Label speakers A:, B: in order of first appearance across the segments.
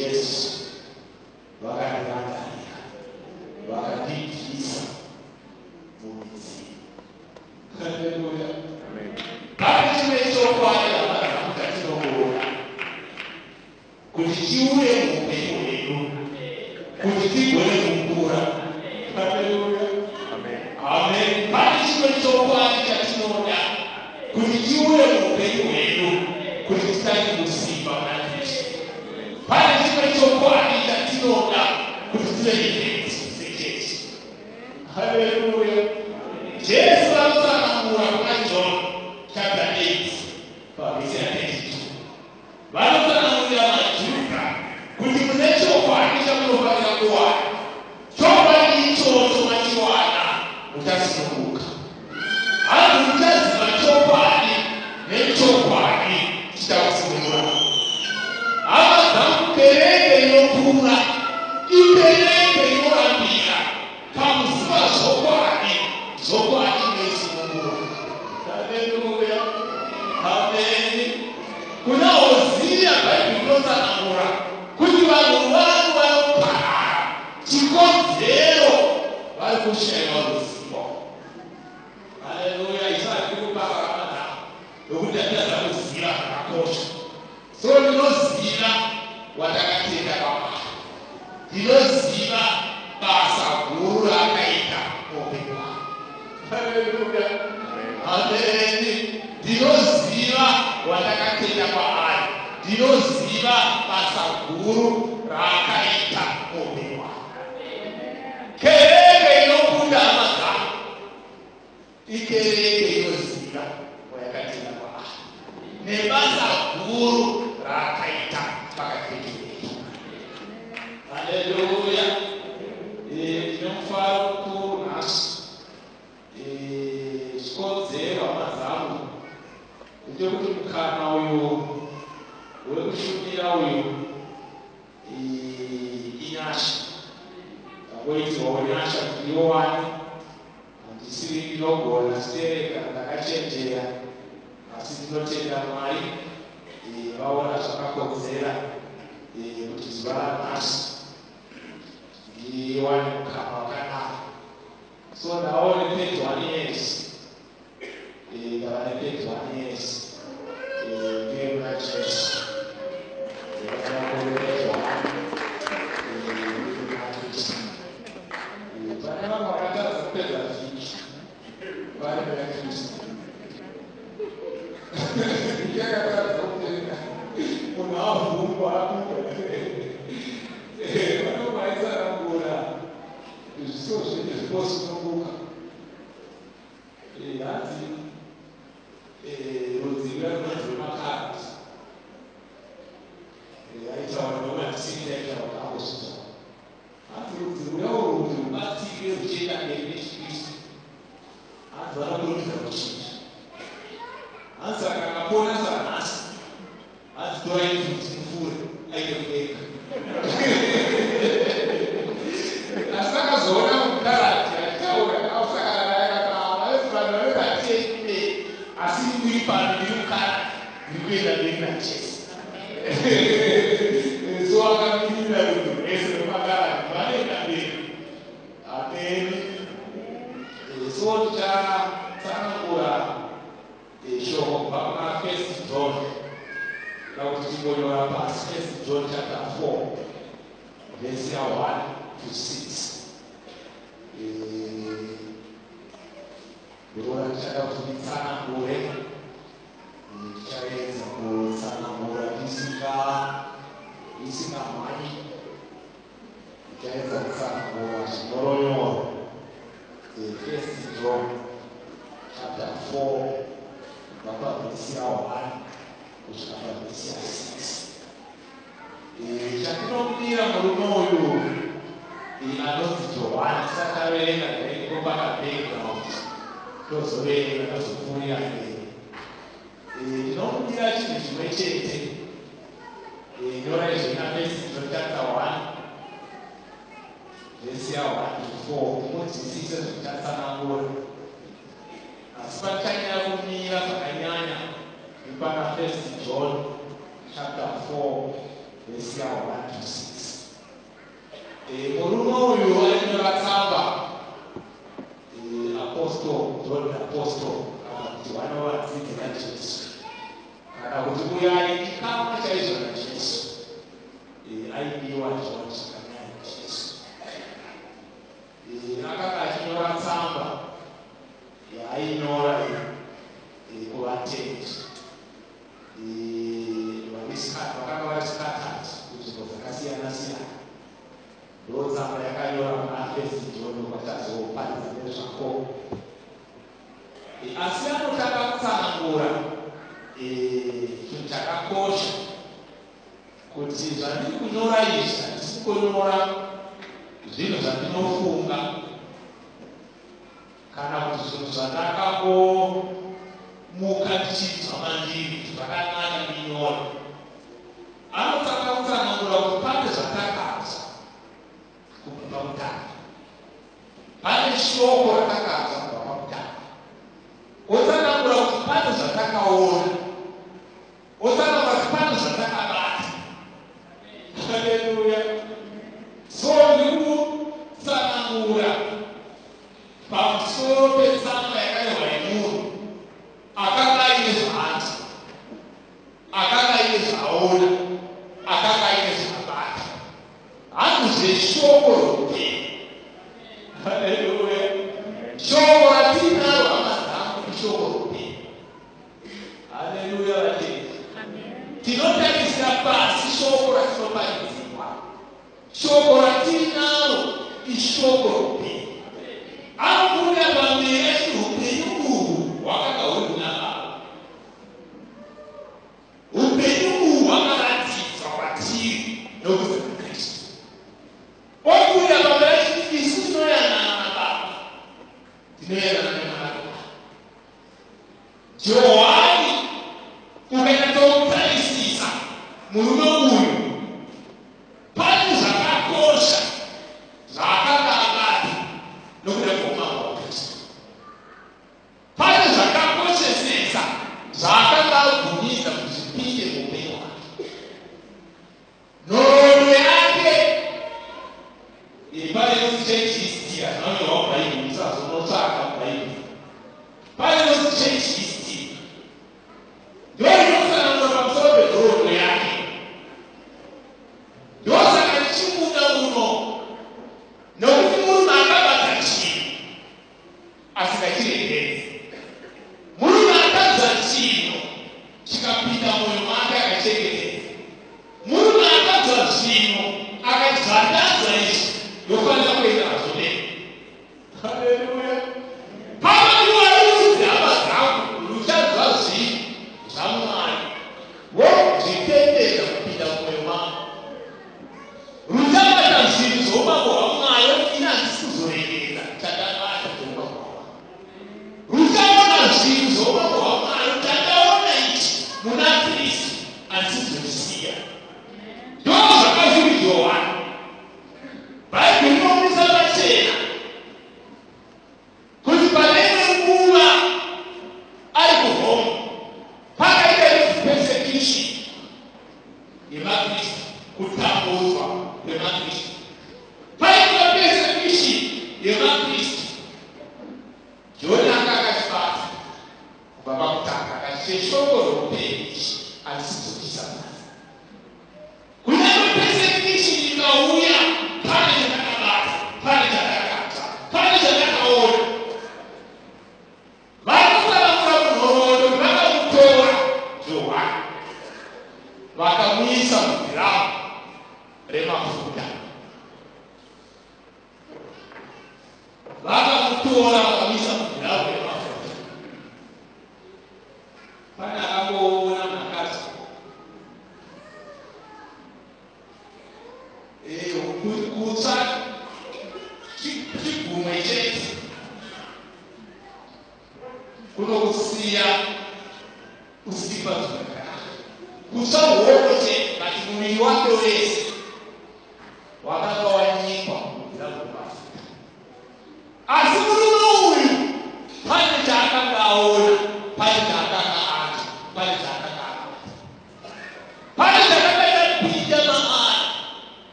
A: yes, Lord, I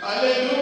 A: Hallelujah.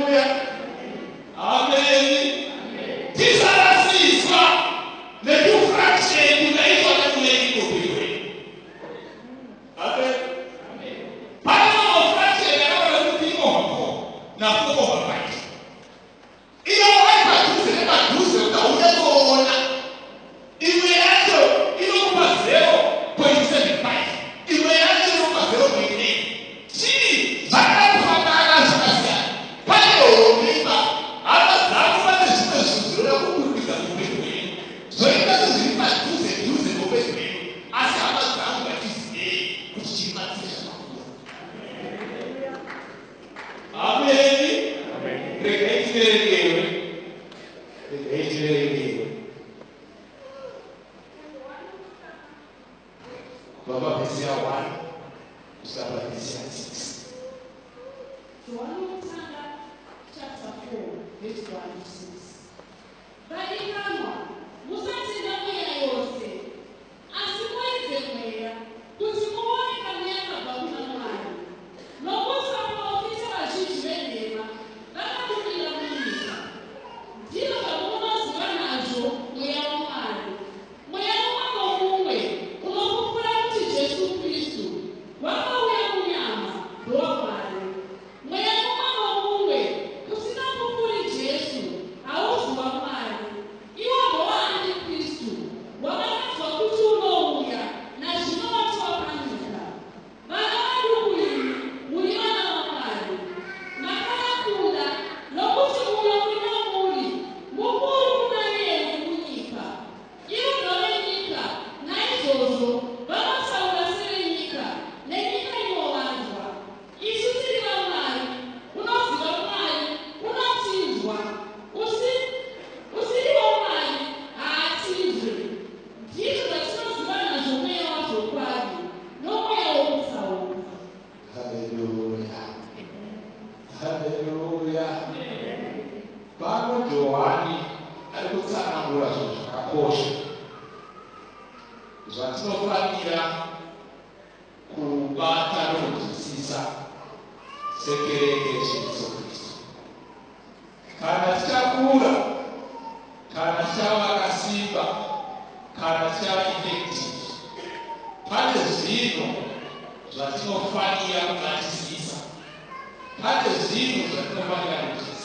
A: rios é que trabalharemos.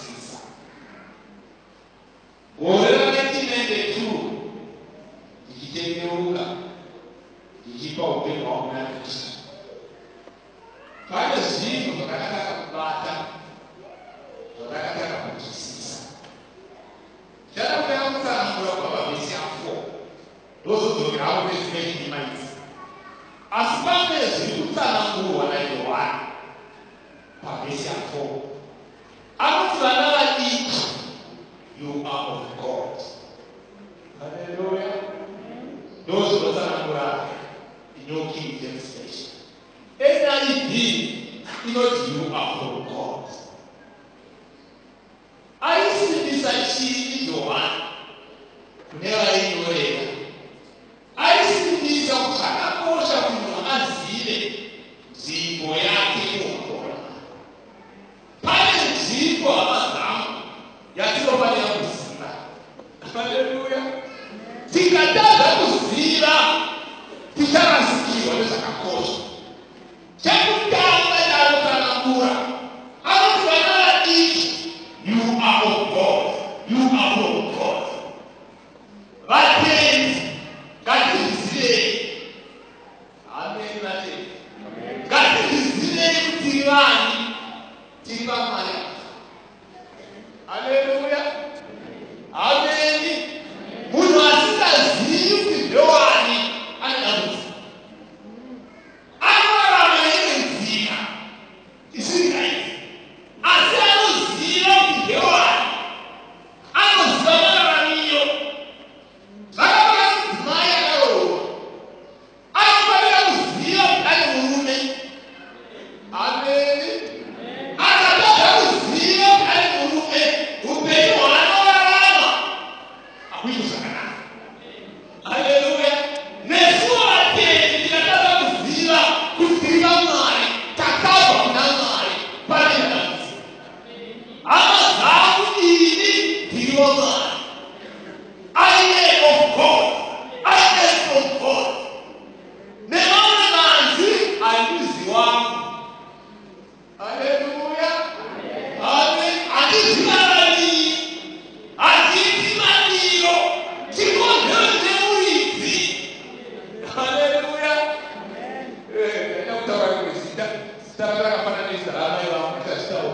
A: Tak tak apa nak ni sekarang ni lah. Kita tahu.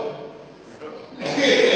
A: Okay.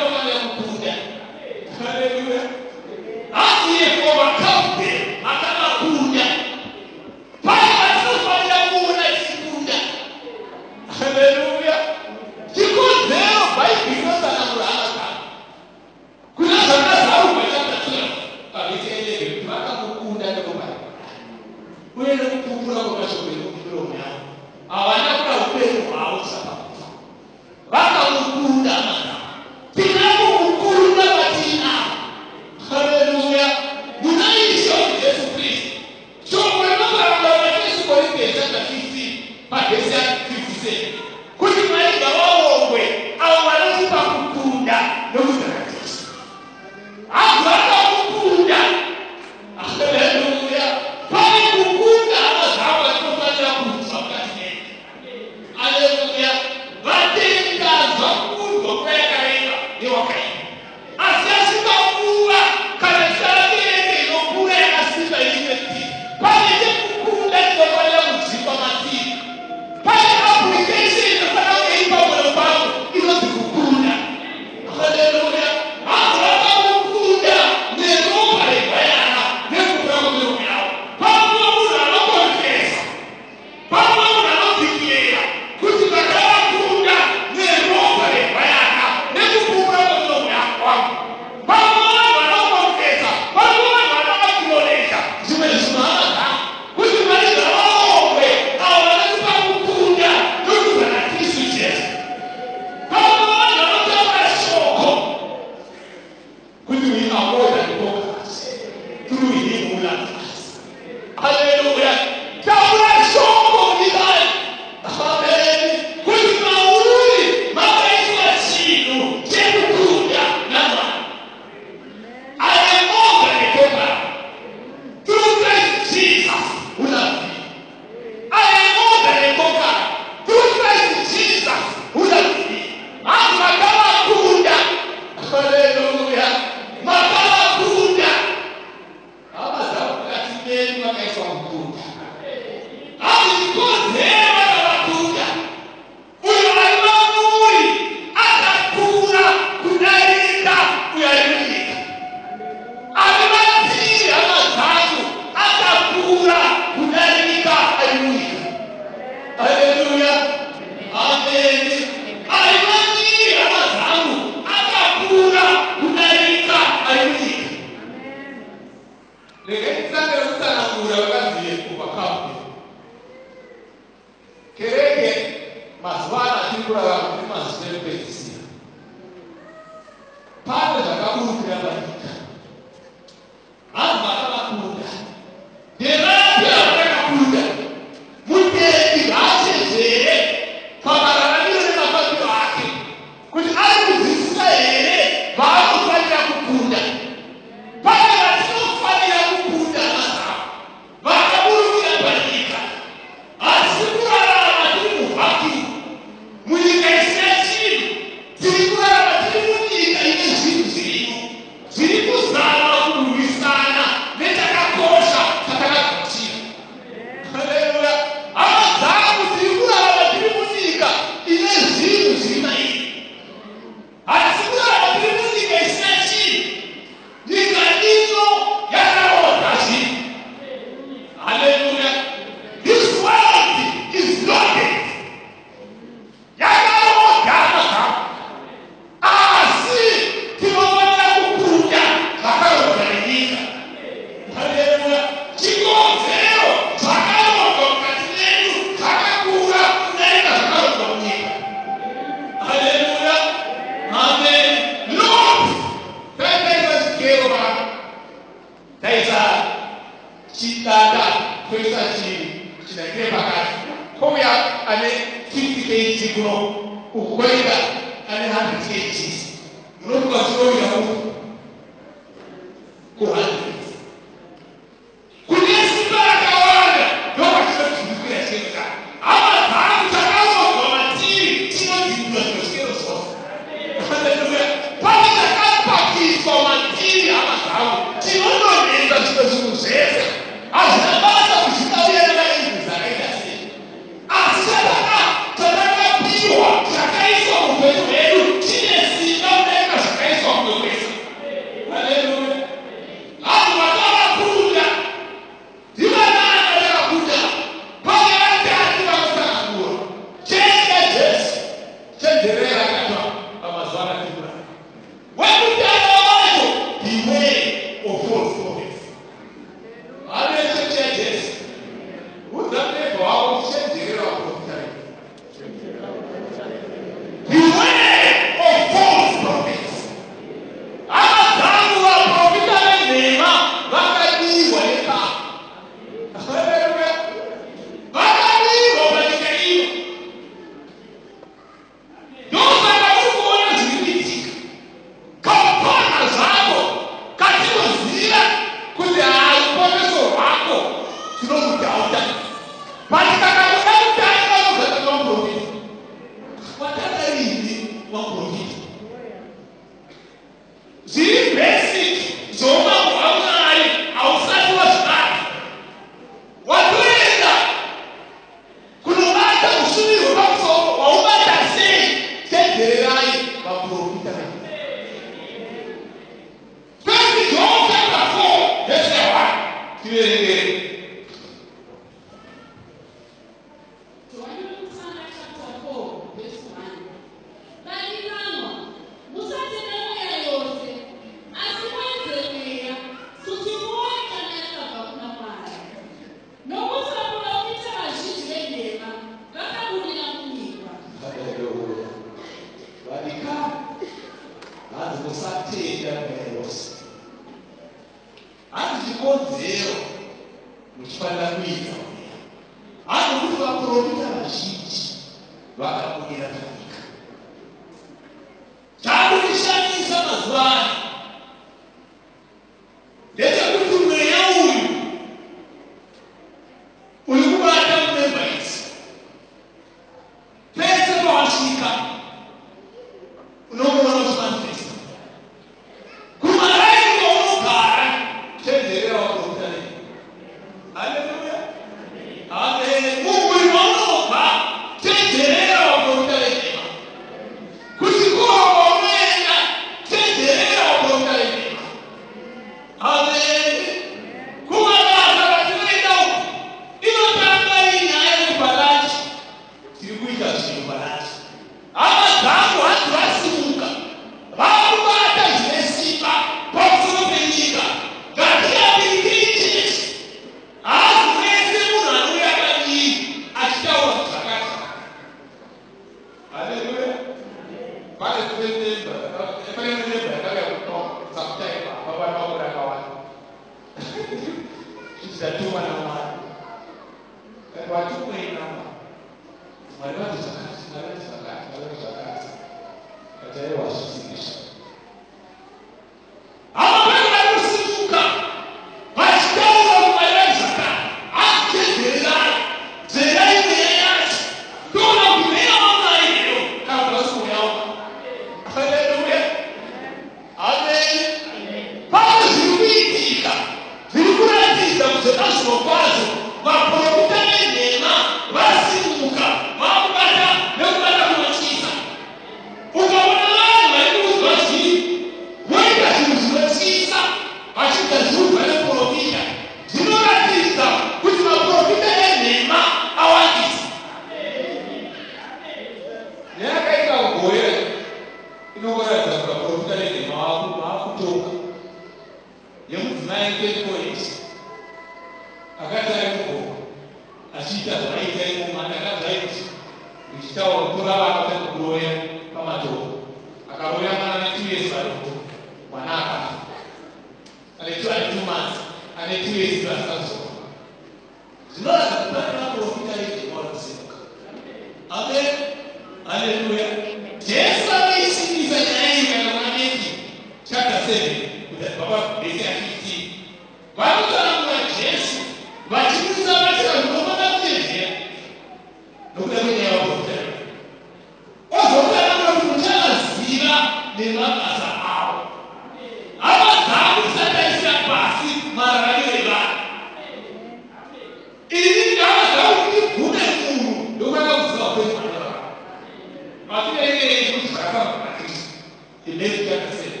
A: الليل كان فيه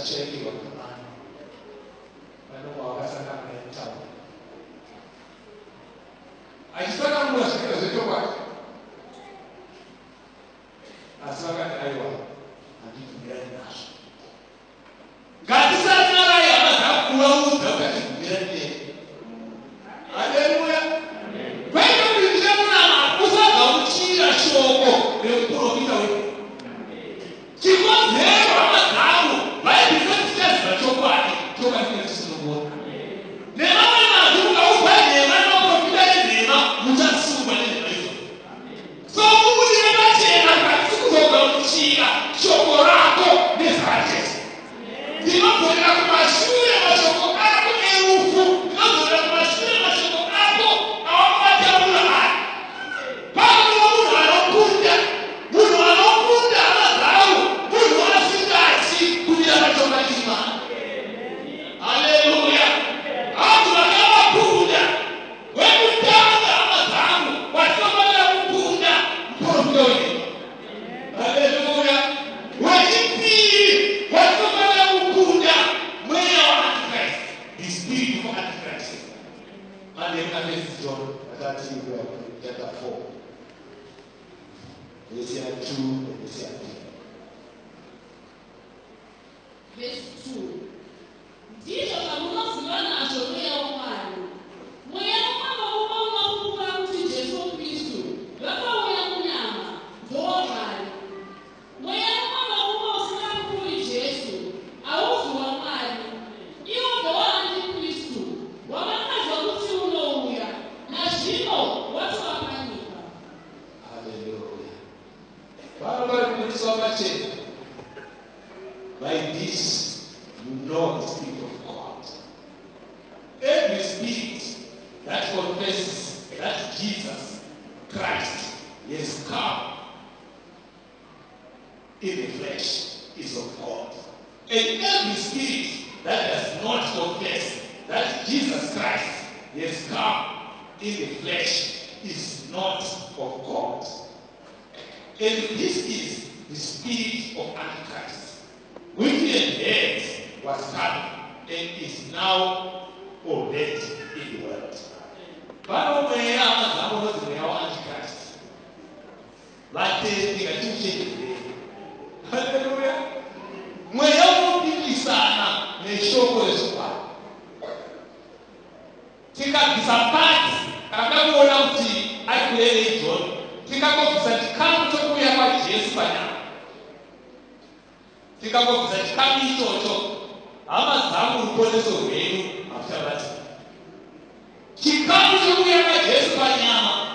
A: That's J.E. entender. Aleluia. Mwenyewe mingi sana neshoko yesuka. Tikabvisa pati rakakuona kuti aikurere ijoni tikangobvisa chikamu chokuuya kwajesu panyama tikangobvisa chikamu ichocho hama dzangu ruponeso rwenyu hamucharati chikamu chokuuya kwajesu panyama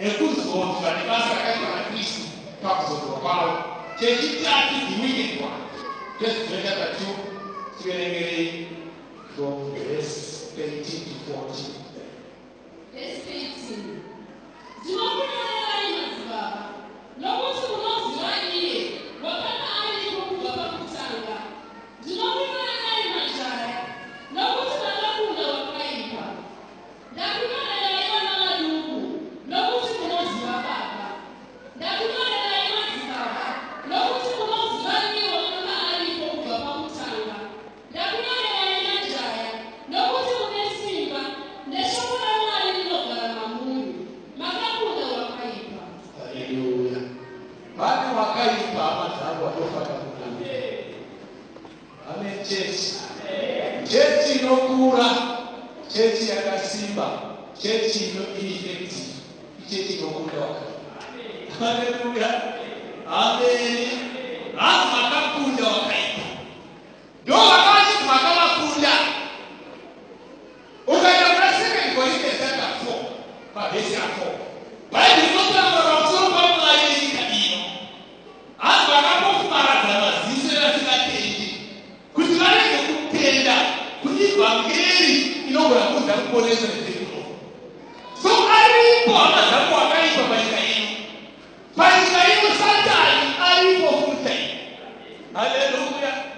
A: ɛkutuo tibadibasa ɛfara kristu papo wɔpalo kyekyi ti ati dumi yɛ wa kristu yɛ kata tu tiwɛnɛmɛrɛ from verse twenty to forty. verse twenty jùlọ kúrò ní láyé màtìbà lọ́wọ́ tí mo náà sì máa ń yíyè wọ́n bá náà á yẹ kó wọ́n bá kúta àgbà jùlọ kúrò ní láyé. Simba, church is not his empty. Church is not Hallelujah. Amen. Hata akakunda wakaita. Ndio Aleluia.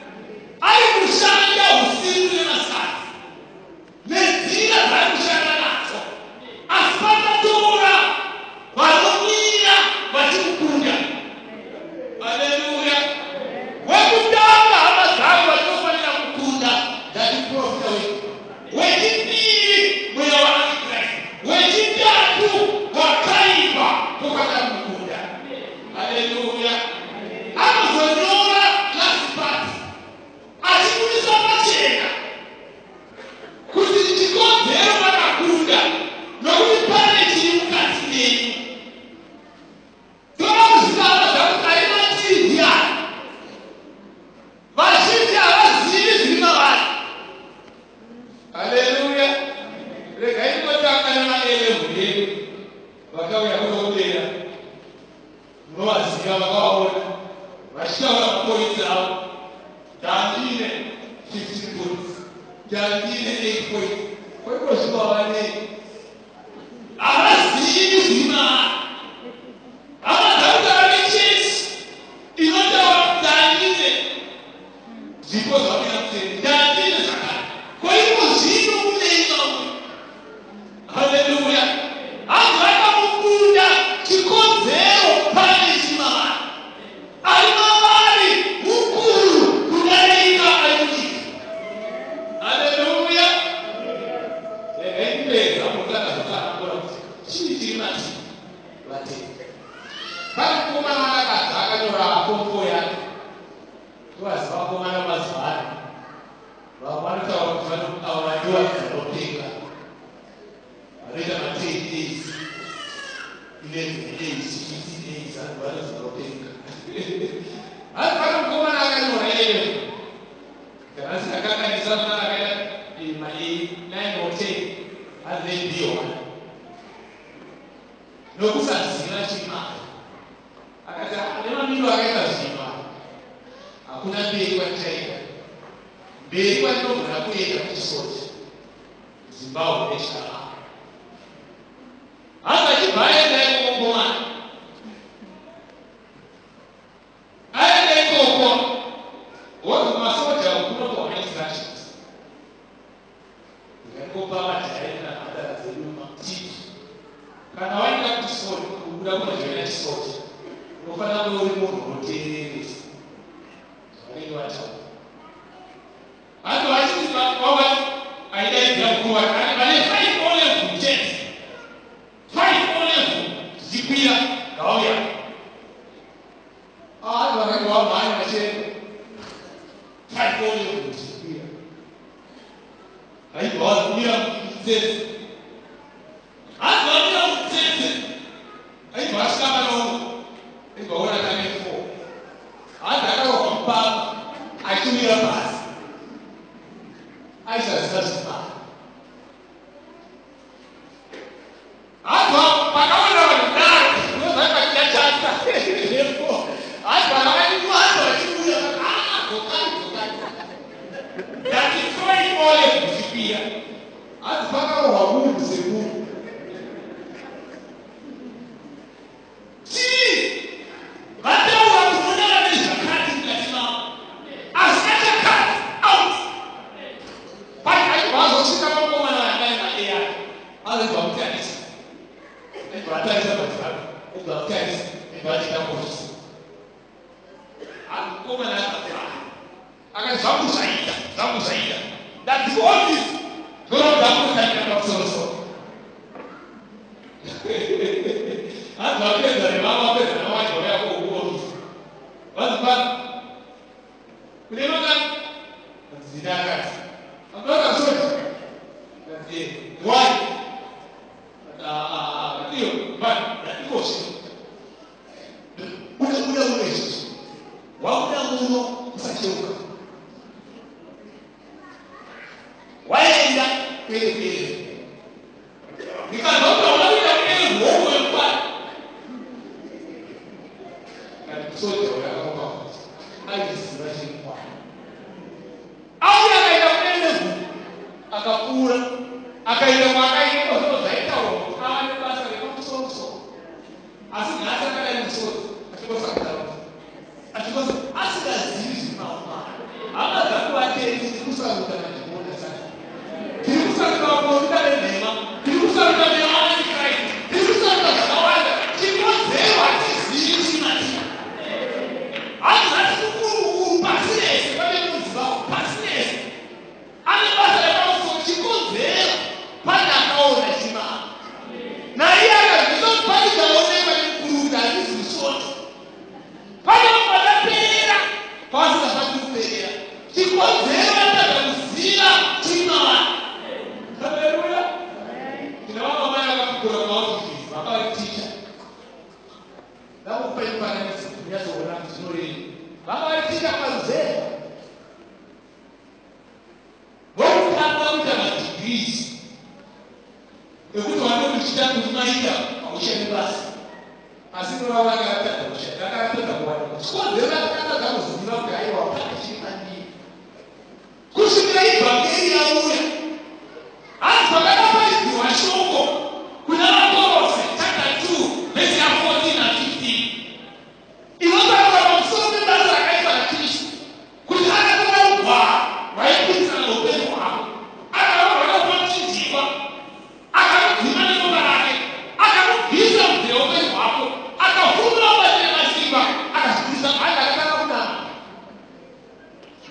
A: worship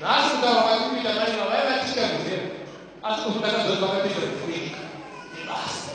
A: National Magazine, International Magazine, Magazine. As consultas das duas vão ter que ser. Basta.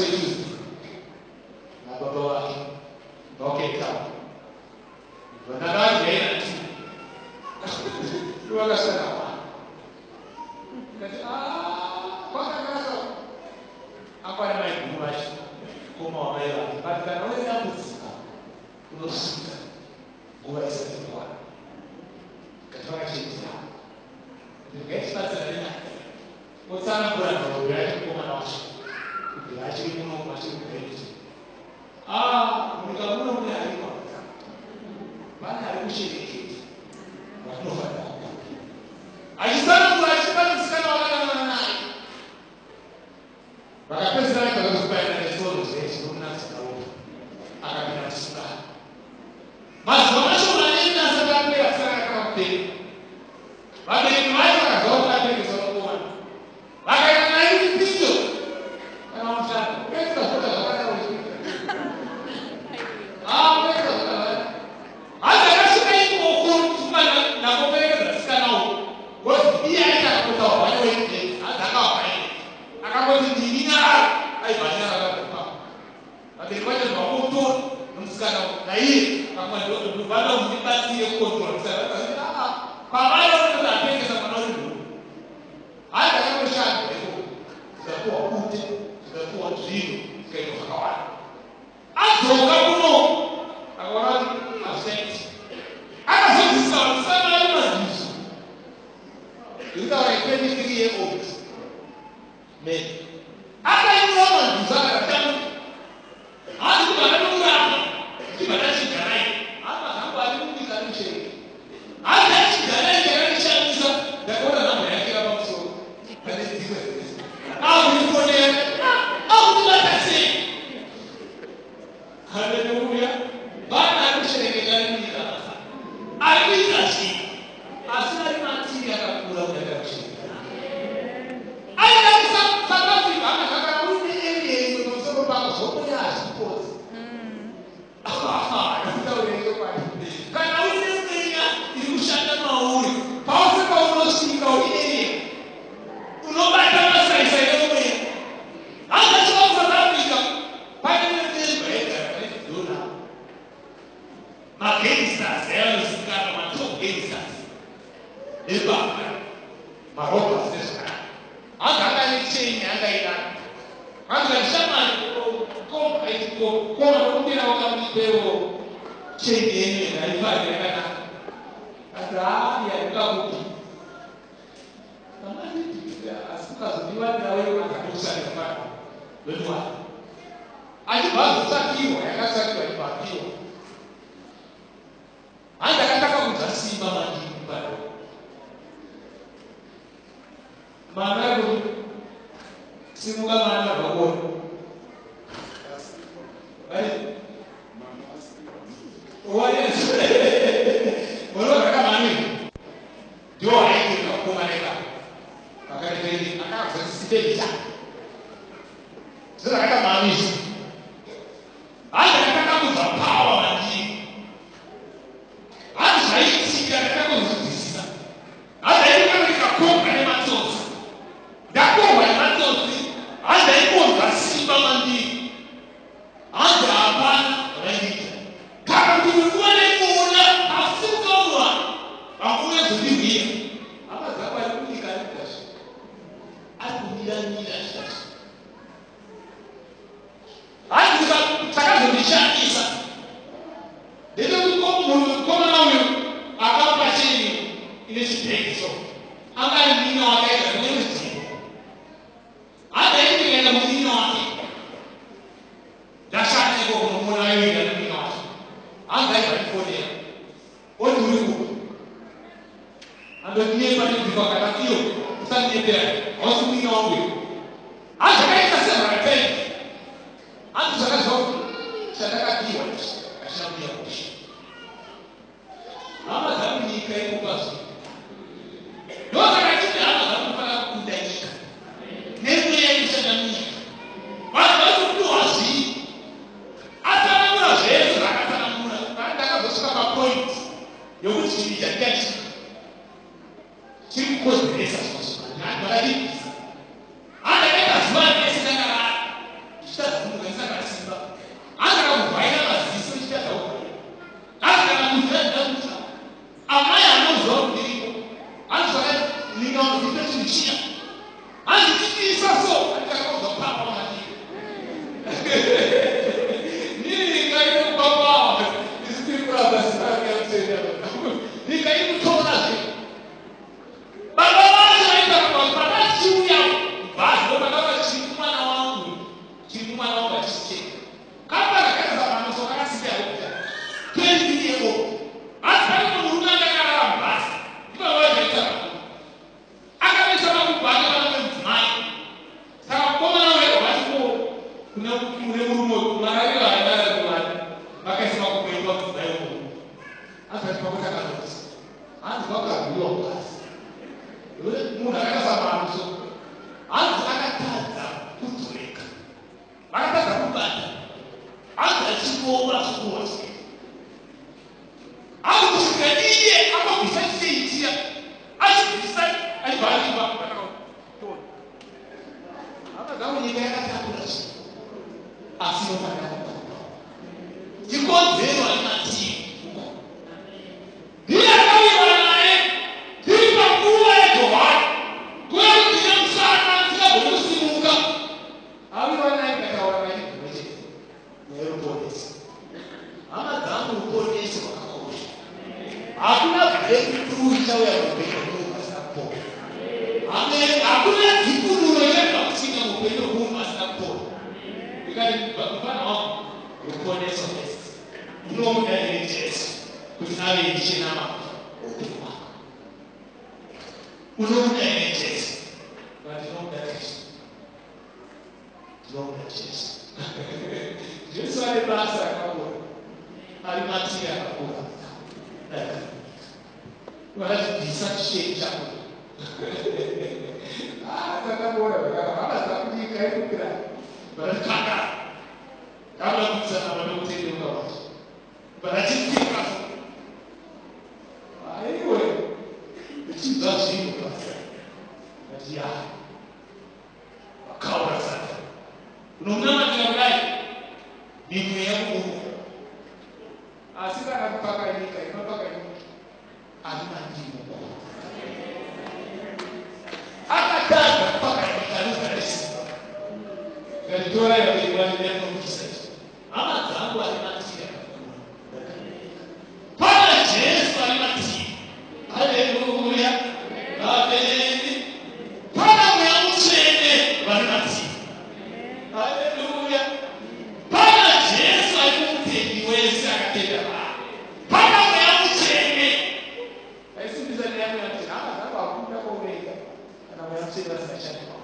A: nsonyi nagogoba nokeka bonna seni angairaa angaisamaikona kumira wakamipewo chengeni naifari yakanaka asi haai yaikakuti asi ukazodiwa ndaoiwa akakusaa wea achibvazosakiwa yakasakiwa ibvapiwa handakatakakudza simba madiiao mara simuka m a a o n a w a k a k n i o a k i a n i u s e i a n k a k a m a n i I'll see you in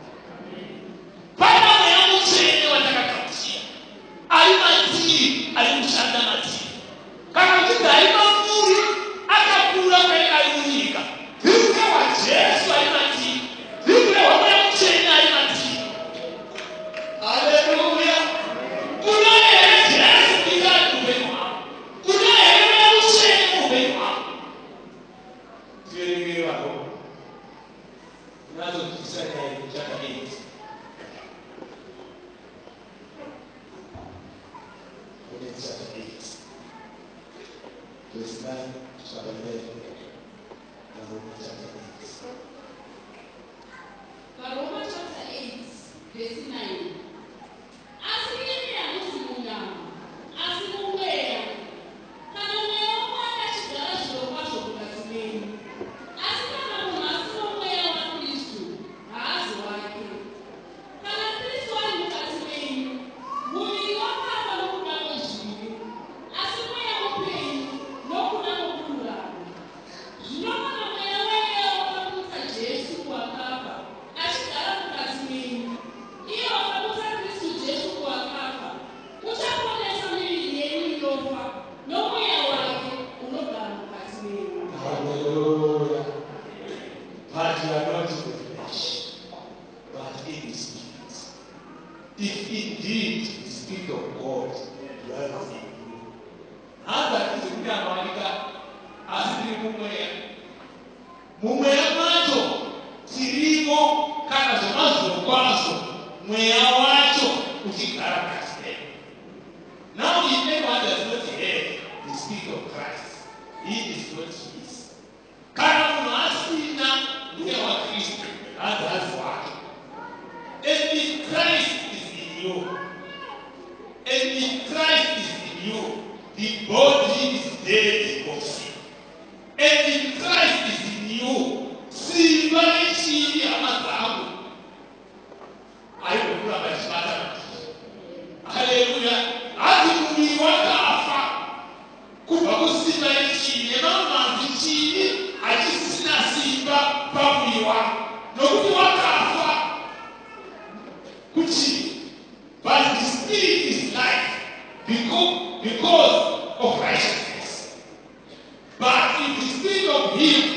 A: rico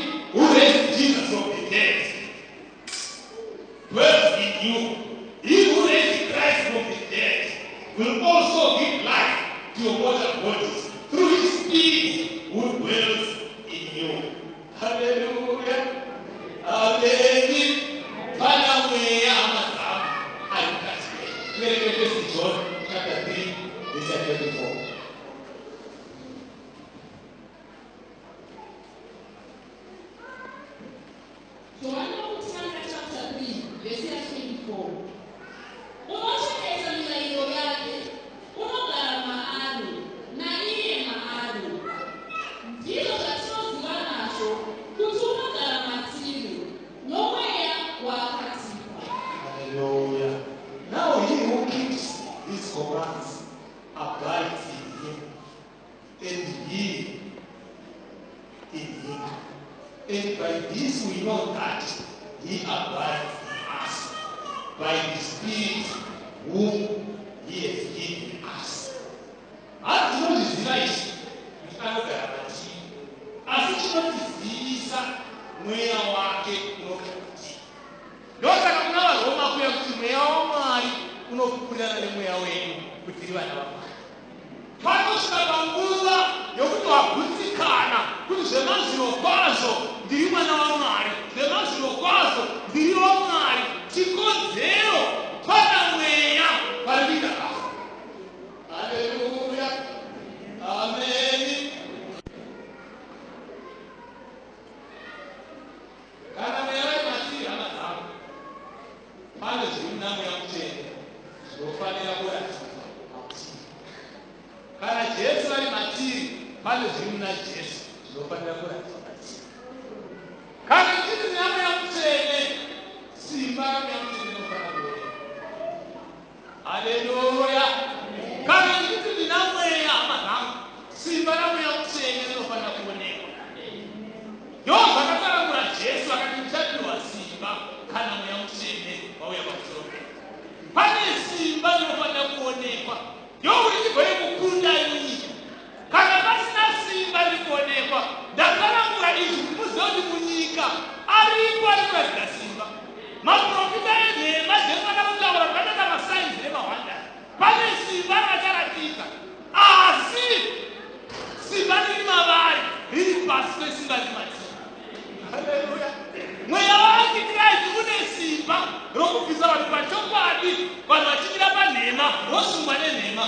A: mpa n'omukkiza balikola kyokwabi bano akigira baneema n'osumba neneema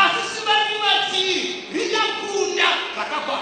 A: asisibalimu ati lijakunda kakakwa